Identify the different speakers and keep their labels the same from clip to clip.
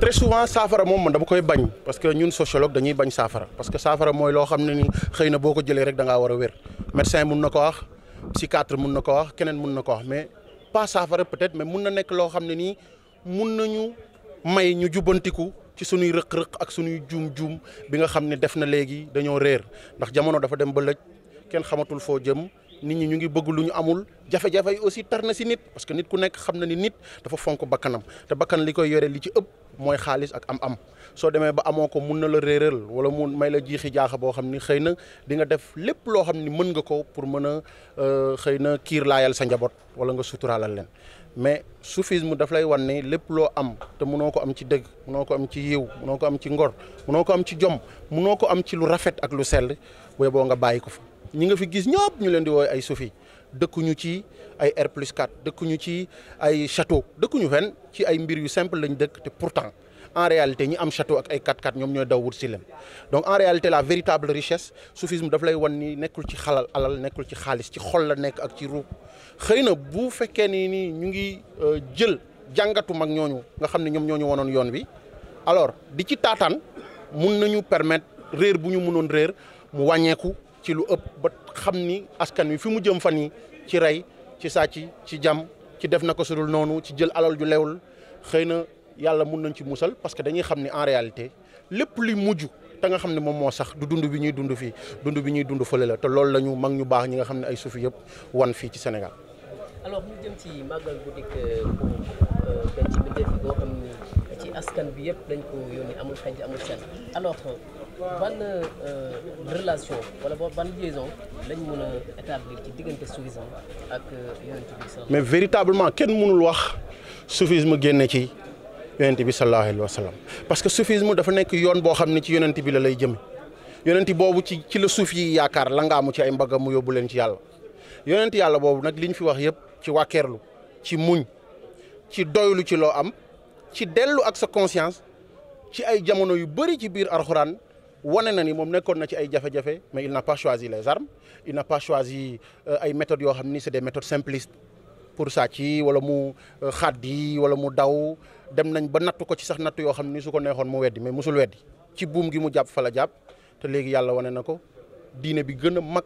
Speaker 1: très souvent saafara moom man dama koy bañ parce que ñun sociologue dañuy bañ saafara parce que saafara mooy loo xam ne ni xëy na boo ko jëlee rek danga ngaa war a wér médecin mun na ko wax psychiatre mun na ko wax keneen mun na ko wax mais pas saafara peut-être mais mun na nekk loo xam ne nii mun nañu may ñu jubbantiku ci suñuy rëq-rëq ak suñuy juum-juum bi nga xam ne def na léegi dañoo reer ndax jamono dafa dem ba lëj kenn xamatul foo jëm nit ñi ñu ngi bëgg lu ñu amul jafe-jafe yi aussi tar na si nit parce que nit ku nekk xam na ni nit dafa fonk bakkanam te bakkan li koy yore li ci ëpp. mooy xaalis ak am-am soo demee ba amoo ko mun na la réeral wala mu may la jiixi jaaxa boo xam ni xëy na di def lépp loo xam ni mën nga ko pour mën a euh, xëy na kiir laayal sa njaboot wala nga suturaalal leen mais soufisme daf lay wan ne lépp loo am te munoo ko am ci dëgg munoo ko am ci yiw munoo ko am ci ngor munoo ko am ci jom munoo ko am ci lu rafet ak lu sell booy boo nga bàyyi ko fa ñi nga fi gis ñëpp ñu leen di woowee ay sufi dëkkuñu ci ay R plus 4 dëkkuñu ci ay château dëkkuñu fenn ci ay mbir yu simple lañ dëkk te pourtant en réalité ñi am château ak ay 4 x ñoom ñoo daw wut si lem donc en réalité la véritable richesse soufisme daf lay wan ni nekkul ci xalal alal nekkul ci xaalis ci xol la nekk ak ci ruux xëy na bu fekkee ni nii ñu ngi euh, jël jàngatu mag ñooñu nga xam ne ñoom ñooñu wanoon yoon bi alors di ci taataan mun nañu permettre réer bu ñu munoon réer mu wàññeeku ci lu ëpp ba xam ni askan wi fi mu jëm fan yi ci rey ci sàcc ci jàmm ci def na ko sudul noonu ci jël alal ju lewul xëy na yàlla mun nañ ci musal parce que dañuy xam ni en réalité lépp li mujj te nga xam ne moom moo sax du dund bi ñuy dund fii dund bi ñuy dund fële la te loolu lañu mag ñu baax ñi nga xam ne ay suufi yëpp wan fii ci Sénégal.
Speaker 2: Euh, euh, bi yëpp dañ ko ban euh, relation wala ban liaison lañ mën euh,
Speaker 1: mais véritablement kenn mënul wax soufisme génne ci yonent bi sallallahu alayhi wa sallam parce que soufisme dafa nekk yoon boo xam ne ci yonent bi la lay jëme yonent boobu ci ci la suuf yi yaakaar la amu ci ay mbagam mu yóbbu leen ci yàlla yonent yàlla boobu nag li ñu fi wax yëpp ci wàkkeerlu ci muñ ci doylu ci loo am ci dellu ak sa conscience ci ay jamono yu bëri ci biir alxuraan wane na ni moom nekkoon na ci ay jafe-jafe mais il n'a pas choisi les armes n'a pas euh, ay méthodes yoo xam ni c'est des méthodes simplistes pour sàcc ci wala mu euh, xaddi wala mu daw dem nañ ba nattu ko ci sax nattu yoo xam ni su ko neexoon mu weddi mais musul weddi ci buum gi mu jàpp fala jàpp te léegi yàlla wane na ko diine bi gën a mag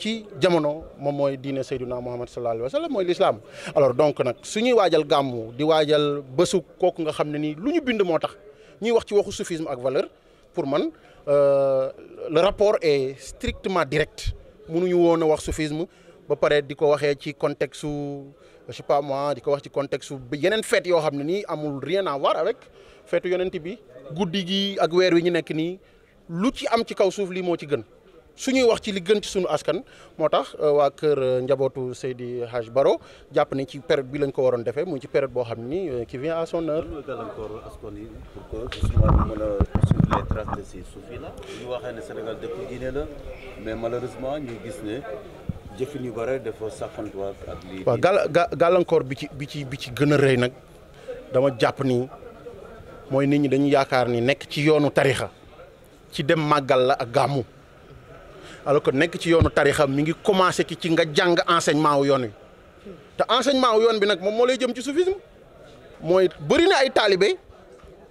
Speaker 1: ci jamono moom mooy diine Seydina Muhammad sallallahu alayhi wa sallam mooy l'islam alors donc nag su ñuy waajal gàmmu di waajal bésu kooku nga xam ne nii lu ñu bind moo tax ñuy wax ci waxu soufisme ak valeur pour man Euh, le rapport est strictement direct mënuñu woon a wax soufisme ba pare di ko waxee ci contexte su je sais pas moi di ko wax ci contexte su yeneen fête yoo xam ne nii amul rien à voir avec feetu yonent bi guddi gi ak weer wi ñu nekk nii lu ci am ci kaw suuf lii moo ci gën. suñuy wax ci li gën ci suñu askan moo tax euh, waa kër euh, njabootu Seydi Hadj Baro jàpp nañ ci période bi lañ ko waroon defee mu ci période boo xam ni euh, qui vient à son heure. a suivre les traces de ces suuf ne Sénégal dëkk diine mais malheureusement ñu gis ne jëfin yu bare dafa saxantuwaat ak lii. waaw gàll gàllankoor bi ci bi ci bi ci gën a rëy nag dama jàpp ni mooy nit ñi dañu yaakaar ni nekk ci yoonu tarixa ci dem màggal la ak gàmmu. alors que nekk ci yoonu tarixam mi ngi commencé ki ci nga jàng enseignement wu yoon wi te enseignement yoon bi nag moom moo lay jëm ci soufisme mooy bëri na ay taalibe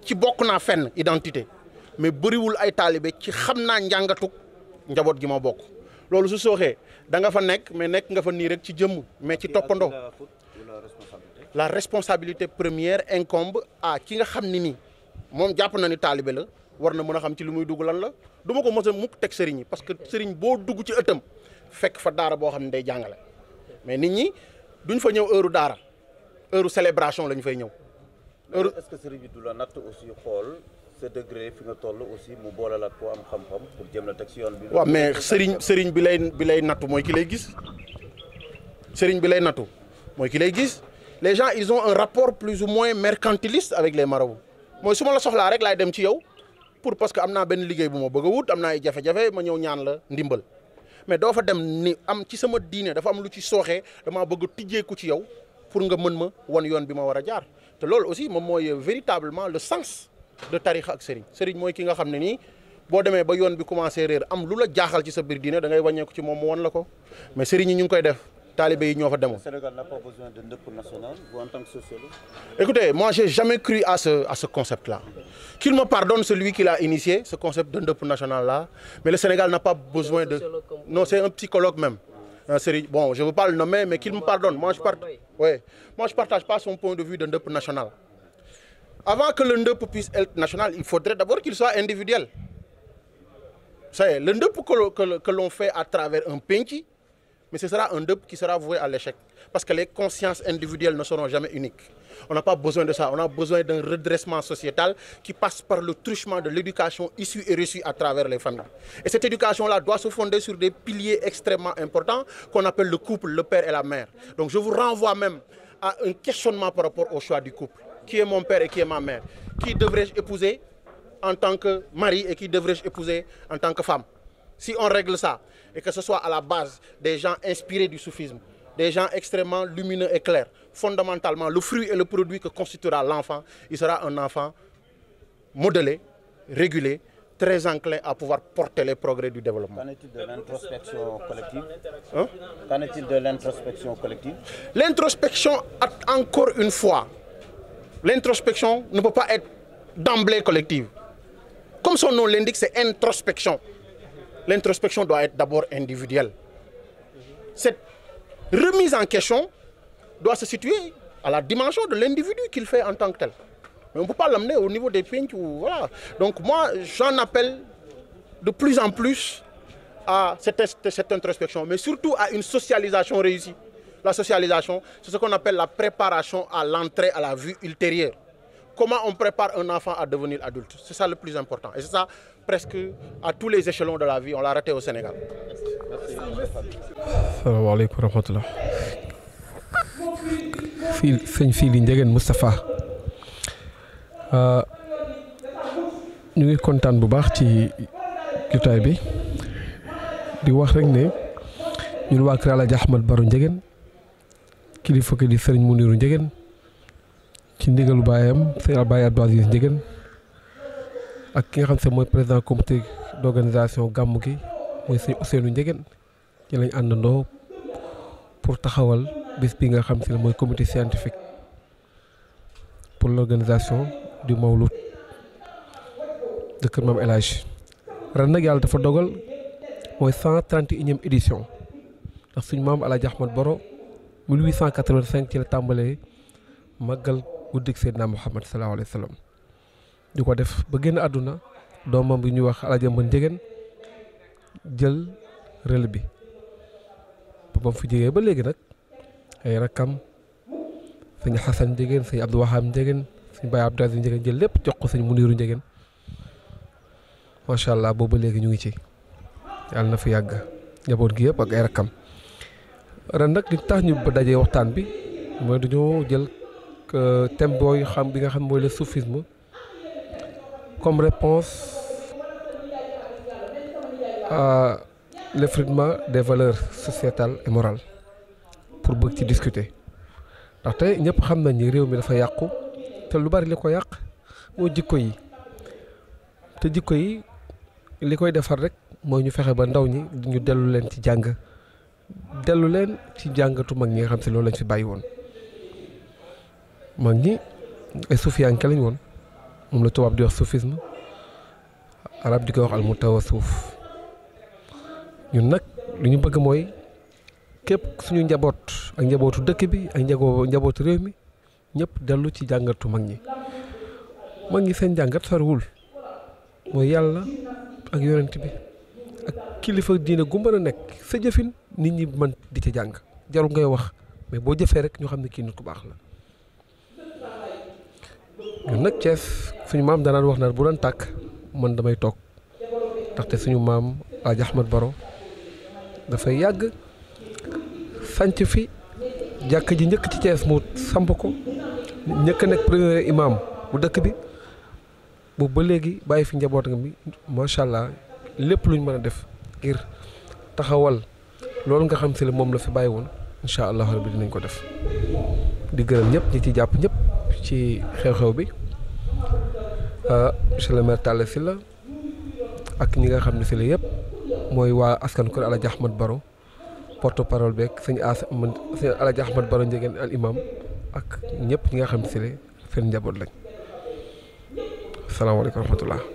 Speaker 1: ci bokk naa fenn identité mais bëriwul ay taalibe ci xam naa njàngatug njaboot gi ma bokk loolu su sooxee da nga fa nekk mais nekk nga fa nii rek ci jëmm mais ci toppandoo la responsabilité première incombe ah ki nga xam ni nii moom jàpp na ni taalibe la war na mën a xam ci lu muy dugg lan la du ma ko mos a mukk teg sëriñ yi parce que sëriñ boo dugg ci ëttam fekk fa daara boo xam ne day jàngale mais nit ñi duñ fa ñëw heure daara heure célébration lañ fay ñëw. heure est-ce que sëriñ bi du la natt aussi xool sa degré fi nga toll aussi mu boole la am xam-xam pour teg si yoon bi. waaw mais sëriñ sëriñ bi lay bi lay nattu mooy ki lay gis sëriñ bi lay nattu mooy ki lay gis les gens ils un rapport plus ou moins mercantiliste avec les marabouts mooy su ma la soxlaa rek laay dem ci yow. pour parce que am naa benn liggéey bu ma bëgg wut am naa ay jafe-jafe ma ñëw ñaan la ndimbal mais doo fa dem ni am ci sama diine dafa am lu ci sooxee damaa bëgg tijjeeku ci yow pour nga mën ma wan yoon bi ma war a jaar te loolu aussi moom mooy véritablement le sens de tarix ak sëriñ sëriñ mooy ki nga xam ne nii boo demee ba yoon bi commencé réer am lu la jaaxal ci sa biir diine da ngay wàññeeku ci moom mu wan la ko mais sëriñ yi ñu ngi koy def talibé yi ñoo fa n'a pas en tant que sociologue. Écoutez, moi j'ai jamais cru à ce à ce concept-là. Qu'il me pardonne celui qui l'a initié, ce concept de national là, mais le Sénégal n'a pas besoin de Non, c'est un psychologue même. je veux pas le nommer mais qu'il me pardonne. Moi je partage pas son point de vue de national. Avant que le ndëpp puisse être national, il faudrait d'abord qu'il soit individuel. Ça le ndëpp que l'on fait à travers un penki mais ce sera un deuil qui sera voué à l'échec parce que les consciences individuelles ne seront jamais uniques. On n'a pas besoin de ça, on a besoin d'un redressement sociétal qui passe par le truchement de l'éducation issue et reçue à travers les familles. Et cette éducation-là doit se fonder sur des piliers extrêmement importants qu'on appelle le couple, le père et la mère. Donc je vous renvoie même à un questionnement par rapport au choix du couple. Qui est en tant que mari et qui devrais-je épouser en si on règle ça et que ce soit à la base des gens inspirés du soufisme des gens extrêmement lumineux et clairs fondamentalement le fruit et le produit que constituera l'enfant il sera un enfant modelé régulé très enclin à pouvoir porter les progrès du développement. Qu'en est-il de l'introspection collective? Hein? L'introspection, encore une fois, l'introspection ne peut pas être d'emblée collective. Comme son nom l'indique, c'est introspection. l'introspection doit être d'abord individuelle. Cette remise en question doit se situer à la dimension de l'individu qu'il fait en tant que tel. on ne pas l'amener au niveau des pintes ou voilà. Donc moi, j'en appelle de plus en plus à cette, cette introspection, mais surtout à une socialisation réussie. La socialisation, c'est ce qu'on appelle la préparation à l'entrée à la vue ultérieure. comment on prépare un enfant à devenir adulte. C'est ça le plus important. Et c'est ça presque à tous les échelons de la vie. On l'a raté au Sénégal.
Speaker 2: salaamaaleykum wa rahmatulah. fii sëñ fii li Ndiéguène Moustapha euh, ñu ngi kontaan bu baax ci jotaay bi di wax rek ne ñun waa Kër Alaaji Ahmad Baro Ndiéguène kilifa ki di mu niru Ndiéguène ci ndigalu baayam sëñ Baye Abdou Aziz Ndiéguène ak ki nga xam se mooy président comité d'organisation gàmmu gi mooy sëñ Ousseynou Ndiéguène ci lañ àndandoo pour taxawal bés bi nga xam si ne mooy comité scientifique pour l'organisation du Mawlud de Kër Maam El Hadj ren nag yàlla dafa dogal mooy cent trente et édition ndax suñ maam El Hadj Ahmad Boro 1885 ci la tàmbalee màggal guddik Seydina Muhammad sallallahu alayhi wa sallam di ko def ba génn àdduna doomam bi ñuy wax Alaaji Mba Ndiéguène jël rël bi ba mu fi jógee ba léegi nag ay rakkam sëñ Xasan Ndiéguène sëñ Abdou Wahab Ndiéguène sëñ Baye Abdou Aziz Ndiéguène jël lépp jox ko sëñ Muniru Ndiéguène macha allah boobu ba léegi ñu ngi ci yàlla na fi yàgg njaboot gi yëpp ak ay rakkam ren nag li tax ñu ba dajee waxtaan bi mooy dañoo jël. Euh, thème booy xam bi nga xam mooy le soufisme comme réponse à l'effritement des valeurs sociétales et morales pour bëgg ci discuter ndaxte tey ñëpp xam nañ ni réew mi dafa yàqu te lu bari li ko yàq moo jikko yi te jikko yi li koy defar rek mooy ñu fexe ba ndaw ñi ñu dellu leen ci jàng dellu leen ci jàngatu mag ñi nga xam si loolu lañ fi bàyyi woon. mag ñi ay suufiyanke lañ woon moom la tubaab di wax soufisme arab di ko wax al mutawasuf ñun nag lu ñu bëgg mooy képp suñu njaboot ak njabootu dëkk bi ak njaboo njabootu réew mi ñëpp dellu ci jàngatu mag ñi mag ñi seen jàngat soriwul mooy yàlla ak yonent bi ak kilifa diine gu mën a nekk sa jëfin nit ñi mën di ci jàng jarul ngay wax mais boo jëfee rek ñoo xam ne kii nit ku baax la ñun nag Thiès suñu maam danaan wax na bu doon tàkk man damay toog ndaxte suñu maam Aji Ahmad Baro dafay yàgg sanc fi jàkk ji njëkk ci Thiès mu samp ko njëkk nekk premier imam bu dëkk bi bu ba léegi bàyyi fi njaboot nga mi macha allah lépp luñ mën a def ngir taxawal loolu nga xam si ne moom la fi bàyyi woon incha allah rabbi dinañ ko def di gërëm ñëpp ñi ci jàpp ñëpp. ci xew-xew bi ah, monsieur le maire Talla Sylla ak ñi nga xam ne si la yëpp mooy waa askan kër Alaaji Ahmad Baro porte parole beeg sëñ as sëñ Alaaji Ahmad Baro njegeen al imam ak ñëpp ñi nga xam ne si la seen njaboot lañ salaamaaleykum wa rahmatullah